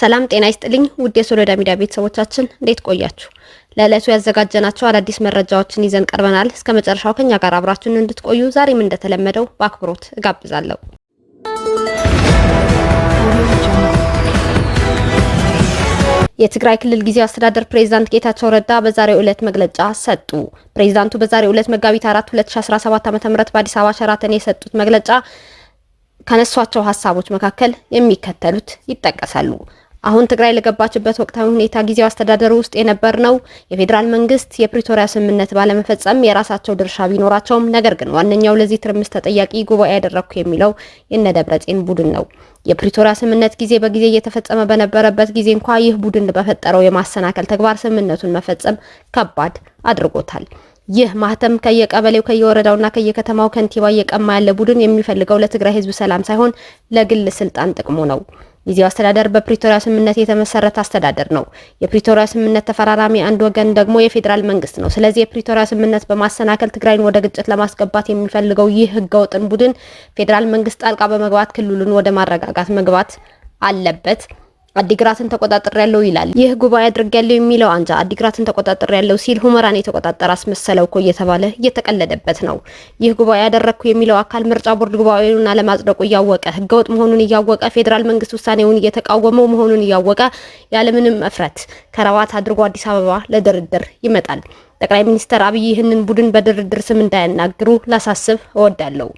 ሰላም ጤና ይስጥልኝ ውድ የሶሎዳ ሚዲያ ቤተሰቦቻችን እንዴት ቆያችሁ? ለዕለቱ ያዘጋጀናቸው አዳዲስ መረጃዎችን ይዘን ቀርበናል። እስከ መጨረሻው ከኛ ጋር አብራችሁን እንድትቆዩ ዛሬም እንደተለመደው በአክብሮት እጋብዛለሁ። የትግራይ ክልል ጊዜያዊ አስተዳደር ፕሬዝዳንት ጌታቸው ረዳ በዛሬው ዕለት መግለጫ ሰጡ። ፕሬዝዳንቱ በዛሬው ዕለት መጋቢት 4 2017 ዓ.ም በአዲስ አበባ ሸራተን የሰጡት መግለጫ ከነሷቸው ሀሳቦች መካከል የሚከተሉት ይጠቀሳሉ። አሁን ትግራይ ለገባችበት ወቅታዊ ሁኔታ ጊዜው አስተዳደር ውስጥ የነበር ነው። የፌዴራል መንግስት የፕሪቶሪያ ስምምነት ባለመፈጸም የራሳቸው ድርሻ ቢኖራቸውም ነገር ግን ዋነኛው ለዚህ ትርምስ ተጠያቂ ጉባኤ ያደረግኩ የሚለው የነደብረጽዮን ቡድን ነው። የፕሪቶሪያ ስምምነት ጊዜ በጊዜ እየተፈጸመ በነበረበት ጊዜ እንኳ ይህ ቡድን በፈጠረው የማሰናከል ተግባር ስምምነቱን መፈጸም ከባድ አድርጎታል። ይህ ማህተም ከየቀበሌው ከየወረዳውና ከየከተማው ከንቲባ እየቀማ ያለ ቡድን የሚፈልገው ለትግራይ ህዝብ ሰላም ሳይሆን ለግል ስልጣን ጥቅሙ ነው። ጊዜያዊ አስተዳደር በፕሪቶሪያ ስምምነት የተመሰረተ አስተዳደር ነው። የፕሪቶሪያ ስምምነት ተፈራራሚ አንድ ወገን ደግሞ የፌዴራል መንግስት ነው። ስለዚህ የፕሪቶሪያ ስምምነት በማሰናከል ትግራይን ወደ ግጭት ለማስገባት የሚፈልገው ይህ ህገወጥን ቡድን ፌዴራል መንግስት ጣልቃ በመግባት ክልሉን ወደ ማረጋጋት መግባት አለበት። አዲግራትን ተቆጣጠር ያለው ይላል። ይህ ጉባኤ አድርግ ያለው የሚለው አንጃ አዲግራትን ተቆጣጠር ያለው ሲል ሁመራን የተቆጣጠረ አስመሰለው እኮ እየተባለ እየተቀለደበት ነው። ይህ ጉባኤ ያደረግኩ የሚለው አካል ምርጫ ቦርድ ጉባኤውን አለማጽደቁ እያወቀ ህገወጥ መሆኑን እያወቀ ፌዴራል መንግስት ውሳኔውን እየተቃወመው መሆኑን እያወቀ ያለምንም እፍረት ከረባት አድርጎ አዲስ አበባ ለድርድር ይመጣል። ጠቅላይ ሚኒስትር አብይ ይህንን ቡድን በድርድር ስም እንዳያናግሩ ላሳስብ እወዳለሁ።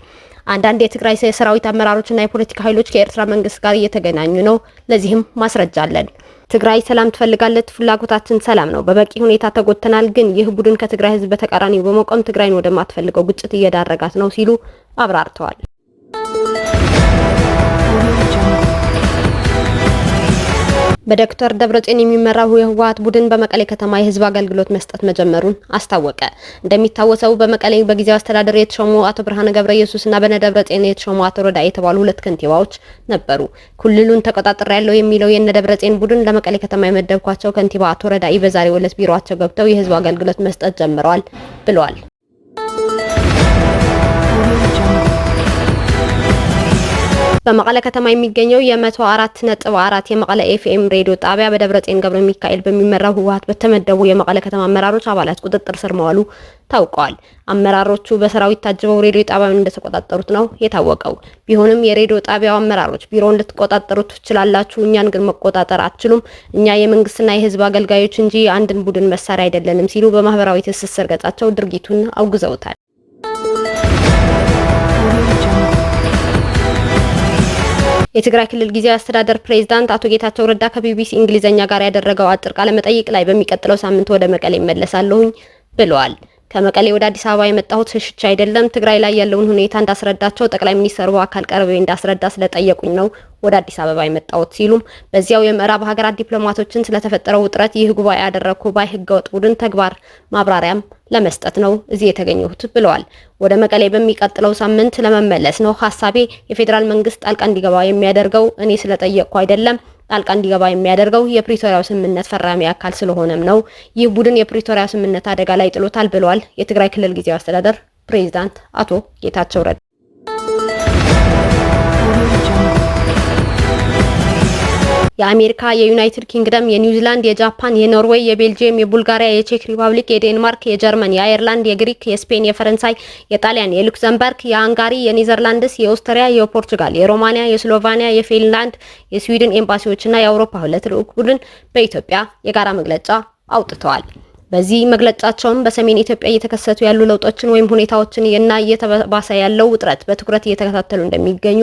አንዳንድ የትግራይ ሰራዊት አመራሮችና የፖለቲካ ኃይሎች ከኤርትራ መንግስት ጋር እየተገናኙ ነው። ለዚህም ማስረጃ አለን። ትግራይ ሰላም ትፈልጋለች። ፍላጎታችን ሰላም ነው። በበቂ ሁኔታ ተጎድተናል። ግን ይህ ቡድን ከትግራይ ህዝብ በተቃራኒ በመቆም ትግራይን ወደማትፈልገው ግጭት እየዳረጋት ነው ሲሉ አብራርተዋል። በዶክተር ደብረጽዮን የሚመራው የህወሓት ቡድን በመቀሌ ከተማ የህዝብ አገልግሎት መስጠት መጀመሩን አስታወቀ። እንደሚታወሰው በመቀሌ በጊዜያዊ አስተዳደር የተሾሙ አቶ ብርሃነ ገብረ ኢየሱስና በነ ደብረጽዮን የተሾሙ አቶ ረዳ የተባሉ ሁለት ከንቲባዎች ነበሩ። ክልሉን ተቆጣጠር ያለው የሚለው የነ ደብረጽዮን ቡድን ለመቀሌ ከተማ የመደብኳቸው ከንቲባ አቶ ረዳኢ በዛሬው ዕለት ቢሮአቸው ገብተው የህዝብ አገልግሎት መስጠት ጀምረዋል ብለዋል። በመቀለ ከተማ የሚገኘው የመቶ አራት ነጥብ አራት የመቀለ ኤፍኤም ሬዲዮ ጣቢያ በደብረጽዮን ገብረ ሚካኤል በሚመራው ህወሀት በተመደቡ የመቀለ ከተማ አመራሮች አባላት ቁጥጥር ስር መዋሉ ታውቀዋል። አመራሮቹ በሰራዊት ታጅበው ሬዲዮ ጣቢያውን እንደተቆጣጠሩት ነው የታወቀው። ቢሆንም የሬዲዮ ጣቢያው አመራሮች ቢሮውን ልትቆጣጠሩት ትችላላችሁ፣ እኛን ግን መቆጣጠር አትችሉም፣ እኛ የመንግስትና የህዝብ አገልጋዮች እንጂ የአንድን ቡድን መሳሪያ አይደለንም ሲሉ በማህበራዊ ትስስር ገጻቸው ድርጊቱን አውግዘውታል። የትግራይ ክልል ጊዜያዊ አስተዳደር ፕሬዝዳንት አቶ ጌታቸው ረዳ ከቢቢሲ እንግሊዝኛ ጋር ያደረገው አጭር ቃለ መጠይቅ ላይ በሚቀጥለው ሳምንት ወደ መቀሌ እመለሳለሁኝ ብለዋል። ከመቀሌ ወደ አዲስ አበባ የመጣሁት ሽሽቻ አይደለም። ትግራይ ላይ ያለውን ሁኔታ እንዳስረዳቸው ጠቅላይ ሚኒስትር አካል ቀርቤ እንዳስረዳ ስለጠየቁኝ ነው ወደ አዲስ አበባ የመጣሁት ሲሉም በዚያው የምዕራብ ሀገራት ዲፕሎማቶችን ስለተፈጠረው ውጥረት ይህ ጉባኤ ያደረግኩ ባይ ህገወጥ ቡድን ተግባር ማብራሪያም ለመስጠት ነው እዚህ የተገኘሁት ብለዋል። ወደ መቀሌ በሚቀጥለው ሳምንት ለመመለስ ነው ሀሳቤ። የፌዴራል መንግስት ጣልቃ እንዲገባ የሚያደርገው እኔ ስለጠየቅኩ አይደለም ጣልቃ እንዲገባ የሚያደርገው የፕሪቶሪያው ስምምነት ፈራሚ አካል ስለሆነም ነው። ይህ ቡድን የፕሪቶሪያ ስምምነት አደጋ ላይ ጥሎታል ብለዋል የትግራይ ክልል ጊዜያዊ አስተዳደር ፕሬዚዳንት አቶ ጌታቸው ረዳ። የአሜሪካ፣ የዩናይትድ ኪንግደም፣ የኒውዚላንድ፣ የጃፓን፣ የኖርዌይ፣ የቤልጅየም፣ የቡልጋሪያ፣ የቼክ ሪፐብሊክ፣ የዴንማርክ፣ የጀርመን፣ የአየርላንድ፣ የግሪክ፣ የስፔን፣ የፈረንሳይ፣ የጣሊያን፣ የሉክዘምበርግ፣ የሃንጋሪ፣ የኔዘርላንድስ፣ የኦስትሪያ፣ የፖርቱጋል፣ የሮማኒያ፣ የስሎቫኒያ፣ የፊንላንድ፣ የስዊድን ኤምባሲዎችና የአውሮፓ ህብረት ልዑክ ቡድን በኢትዮጵያ የጋራ መግለጫ አውጥተዋል። በዚህ መግለጫቸውም በሰሜን ኢትዮጵያ እየተከሰቱ ያሉ ለውጦችን ወይም ሁኔታዎችን እና እየተባሰ ያለው ውጥረት በትኩረት እየተከታተሉ እንደሚገኙ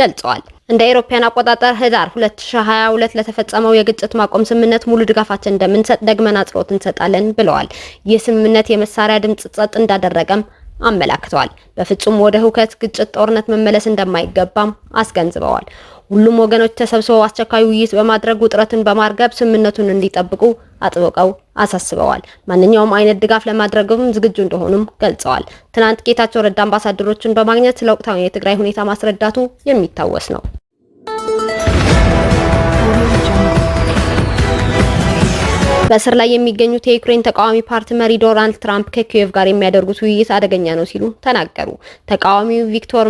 ገልጸዋል። እንደ አውሮፓውያን አቆጣጠር ህዳር 2022 ለተፈጸመው የግጭት ማቆም ስምምነት ሙሉ ድጋፋችን እንደምንሰጥ ደግመን አጽንኦት እንሰጣለን ብለዋል። ይህ ስምምነት የመሳሪያ ድምጽ ጸጥ እንዳደረገም አመላክተዋል። በፍጹም ወደ ህውከት፣ ግጭት፣ ጦርነት መመለስ እንደማይገባም አስገንዝበዋል። ሁሉም ወገኖች ተሰብስበው አስቸኳይ ውይይት በማድረግ ውጥረትን በማርገብ ስምምነቱን እንዲጠብቁ አጥብቀው አሳስበዋል። ማንኛውም አይነት ድጋፍ ለማድረግም ዝግጁ እንደሆኑም ገልጸዋል። ትናንት ጌታቸው ረዳ አምባሳደሮችን በማግኘት ስለ ወቅታዊ የትግራይ ሁኔታ ማስረዳቱ የሚታወስ ነው። በእስር ላይ የሚገኙት የዩክሬን ተቃዋሚ ፓርቲ መሪ ዶናልድ ትራምፕ ከኪየቭ ጋር የሚያደርጉት ውይይት አደገኛ ነው ሲሉ ተናገሩ። ተቃዋሚው ቪክቶር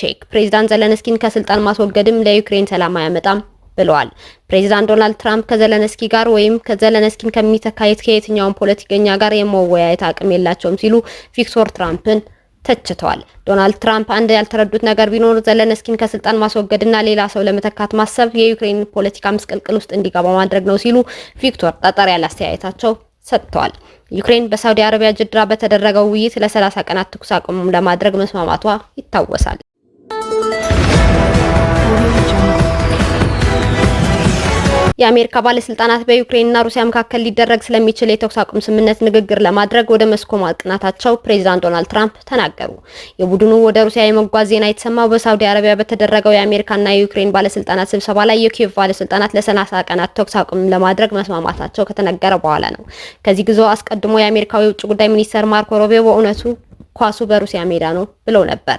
ቼክ ፕሬዚዳንት ዘለንስኪን ከስልጣን ማስወገድም ለዩክሬን ሰላም አያመጣም ብለዋል። ፕሬዚዳንት ዶናልድ ትራምፕ ከዘለንስኪ ጋር ወይም ከዘለንስኪን ከሚተካየት ከየትኛውም ፖለቲከኛ ጋር የመወያየት አቅም የላቸውም ሲሉ ቪክቶር ትራምፕን ተችተዋል። ዶናልድ ትራምፕ አንድ ያልተረዱት ነገር ቢኖር ዘለንስኪን ከስልጣን ማስወገድና ሌላ ሰው ለመተካት ማሰብ የዩክሬን ፖለቲካ ምስቅልቅል ውስጥ እንዲገባ ማድረግ ነው ሲሉ ቪክቶር ጠጠር ያለ አስተያየታቸው ሰጥተዋል። ዩክሬን በሳውዲ አረቢያ ጅድራ በተደረገው ውይይት ለ30 ቀናት ትኩስ አቁም ለማድረግ መስማማቷ ይታወሳል። የአሜሪካ ባለስልጣናት በዩክሬንና ሩሲያ መካከል ሊደረግ ስለሚችል የተኩስ አቁም ስምምነት ንግግር ለማድረግ ወደ ሞስኮ ማቅናታቸው ፕሬዚዳንት ዶናልድ ትራምፕ ተናገሩ። የቡድኑ ወደ ሩሲያ የመጓዝ ዜና የተሰማው በሳውዲ አረቢያ በተደረገው የአሜሪካና የዩክሬን ባለስልጣናት ስብሰባ ላይ የኪየቭ ባለስልጣናት ለሰላሳ ቀናት ተኩስ አቁም ለማድረግ መስማማታቸው ከተነገረ በኋላ ነው። ከዚህ ጊዜ አስቀድሞ የአሜሪካው የውጭ ጉዳይ ሚኒስተር ማርኮ ሮቢዮ በእውነቱ ኳሱ በሩሲያ ሜዳ ነው ብለው ነበር።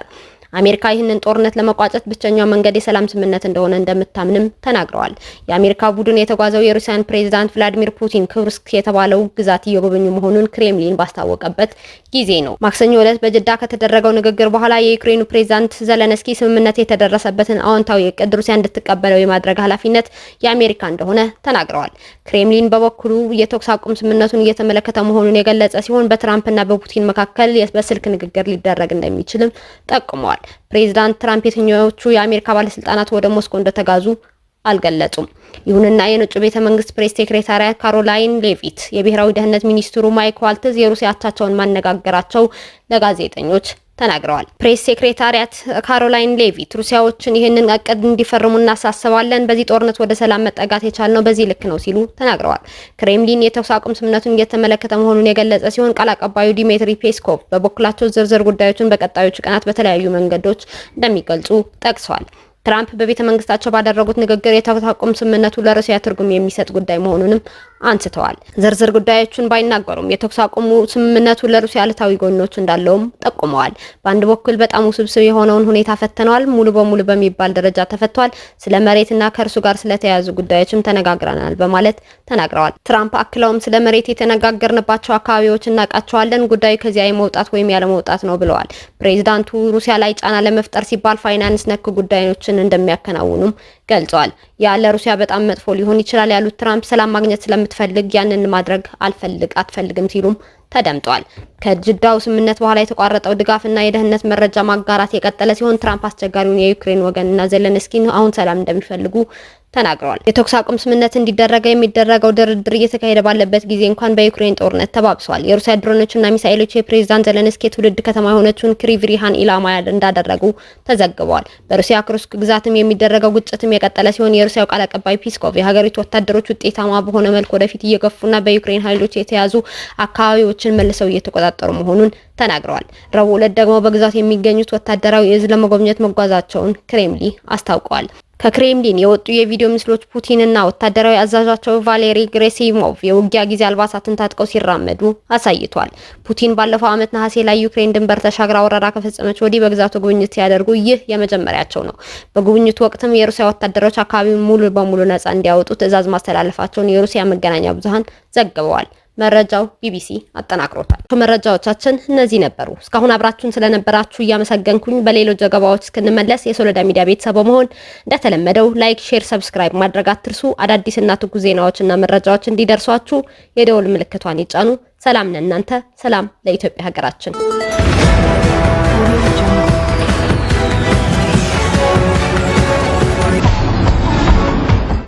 አሜሪካ ይህንን ጦርነት ለመቋጨት ብቸኛው መንገድ የሰላም ስምምነት እንደሆነ እንደምታምንም ተናግረዋል። የአሜሪካ ቡድን የተጓዘው የሩሲያን ፕሬዚዳንት ቭላዲሚር ፑቲን ክብርስክ የተባለው ግዛት እየጎበኙ መሆኑን ክሬምሊን ባስታወቀበት ጊዜ ነው። ማክሰኞ ዕለት በጅዳ ከተደረገው ንግግር በኋላ የዩክሬኑ ፕሬዚዳንት ዘለንስኪ ስምምነት የተደረሰበትን አዎንታዊ እቅድ ሩሲያ እንድትቀበለው የማድረግ ኃላፊነት የአሜሪካ እንደሆነ ተናግረዋል። ክሬምሊን በበኩሉ የተኩስ አቁም ስምምነቱን እየተመለከተ መሆኑን የገለጸ ሲሆን በትራምፕና በፑቲን መካከል በስልክ ንግግር ሊደረግ እንደሚችልም ጠቁመዋል። ተናግረዋል። ፕሬዚዳንት ትራምፕ የትኞቹ የአሜሪካ ባለስልጣናት ወደ ሞስኮ እንደተጋዙ አልገለጹም። ይሁንና የነጩ ቤተ መንግስት ፕሬስ ሴክሬታሪያት ካሮላይን ሌቪት የብሔራዊ ደህንነት ሚኒስትሩ ማይክ ዋልትዝ የሩሲያ አቻቸውን ማነጋገራቸው ለጋዜጠኞች ተናግረዋል። ፕሬስ ሴክሬታሪያት ካሮላይን ሌቪት ሩሲያዎችን ይህንን እቅድ እንዲፈርሙ እናሳስባለን፣ በዚህ ጦርነት ወደ ሰላም መጠጋት የቻልነው በዚህ ልክ ነው ሲሉ ተናግረዋል። ክሬምሊን የተኩስ አቁም ስምምነቱን እየተመለከተ መሆኑን የገለጸ ሲሆን ቃል አቀባዩ ዲሜትሪ ፔስኮቭ በበኩላቸው ዝርዝር ጉዳዮችን በቀጣዮቹ ቀናት በተለያዩ መንገዶች እንደሚገልጹ ጠቅሰዋል። ትራምፕ በቤተ መንግስታቸው ባደረጉት ንግግር የተኩስ አቁም ስምምነቱ ለሩሲያ ትርጉም የሚሰጥ ጉዳይ መሆኑንም አንስተዋል። ዝርዝር ጉዳዮቹን ባይናገሩም የተኩስ አቁሙ ስምምነቱ ለሩሲያ ዕለታዊ ጎኖች እንዳለውም ጠቁመዋል። በአንድ በኩል በጣም ውስብስብ የሆነውን ሁኔታ ፈትነዋል፣ ሙሉ በሙሉ በሚባል ደረጃ ተፈቷል፣ ስለ መሬትና ከእርሱ ጋር ስለተያያዙ ጉዳዮችም ተነጋግረናል በማለት ተናግረዋል። ትራምፕ አክለውም ስለ መሬት የተነጋገርንባቸው አካባቢዎች እናውቃቸዋለን፣ ጉዳዩ ከዚያ የመውጣት ወይም ያለመውጣት ነው ብለዋል። ፕሬዚዳንቱ ሩሲያ ላይ ጫና ለመፍጠር ሲባል ፋይናንስ ነክ ጉዳዮችን እንደሚያከናውኑም ገልጿል። ያ ለሩሲያ በጣም መጥፎ ሊሆን ይችላል ያሉት ትራምፕ ሰላም ማግኘት ስለምትፈልግ ያንን ማድረግ አልፈልግ አትፈልግም ሲሉም ተደምጧል። ከጅዳው ስምምነት በኋላ የተቋረጠው ድጋፍና የደህንነት መረጃ ማጋራት የቀጠለ ሲሆን ትራምፕ አስቸጋሪውን የዩክሬን ወገንና ዘለንስኪን አሁን ሰላም እንደሚፈልጉ ተናግረዋል። የተኩስ አቁም ስምምነት እንዲደረገ የሚደረገው ድርድር እየተካሄደ ባለበት ጊዜ እንኳን በዩክሬን ጦርነት ተባብሷል። የሩሲያ ድሮኖችና ሚሳኤሎች የፕሬዝዳንት ዘለንስኪ የትውልድ ከተማ የሆነችውን ክሪቪሪሃን ኢላማ እንዳደረጉ ተዘግበዋል። በሩሲያ ክሩስክ ግዛትም የሚደረገው ግጭትም የቀጠለ ሲሆን የሩሲያው ቃል አቀባይ ፒስኮቭ የሀገሪቱ ወታደሮች ውጤታማ በሆነ መልኩ ወደፊት እየገፉና በዩክሬን ኃይሎች የተያዙ አካባቢዎችን መልሰው እየተቆጣጠሩ መሆኑን ተናግረዋል። ረቡዕ ዕለት ደግሞ በግዛት የሚገኙት ወታደራዊ እዝ ለመጎብኘት መጓዛቸውን ክሬምሊ አስታውቀዋል። ከክሬምሊን የወጡ የቪዲዮ ምስሎች ፑቲንና ወታደራዊ አዛዣቸው ቫሌሪ ግሬሲሞቭ የውጊያ ጊዜ አልባሳትን ታጥቀው ሲራመዱ አሳይቷል። ፑቲን ባለፈው ዓመት ነሐሴ ላይ ዩክሬን ድንበር ተሻግራ ወረራ ከፈጸመች ወዲህ በግዛቱ ጉብኝት ሲያደርጉ ይህ የመጀመሪያቸው ነው። በጉብኝቱ ወቅትም የሩሲያ ወታደሮች አካባቢውን ሙሉ በሙሉ ነጻ እንዲያወጡ ትዕዛዝ ማስተላለፋቸውን የሩሲያ መገናኛ ብዙሃን ዘግበዋል። መረጃው ቢቢሲ አጠናቅሮታል። መረጃዎቻችን እነዚህ ነበሩ። እስካሁን አብራችሁን ስለነበራችሁ እያመሰገንኩኝ በሌሎች ዘገባዎች እስክንመለስ የሶለዳ ሚዲያ ቤተሰብ በመሆን እንደተለመደው ላይክ፣ ሼር፣ ሰብስክራይብ ማድረግ አትርሱ። አዳዲስና ትኩስ ዜናዎችና መረጃዎች እንዲደርሷችሁ የደወል ምልክቷን ይጫኑ። ሰላም ለእናንተ፣ ሰላም ለኢትዮጵያ ሀገራችን።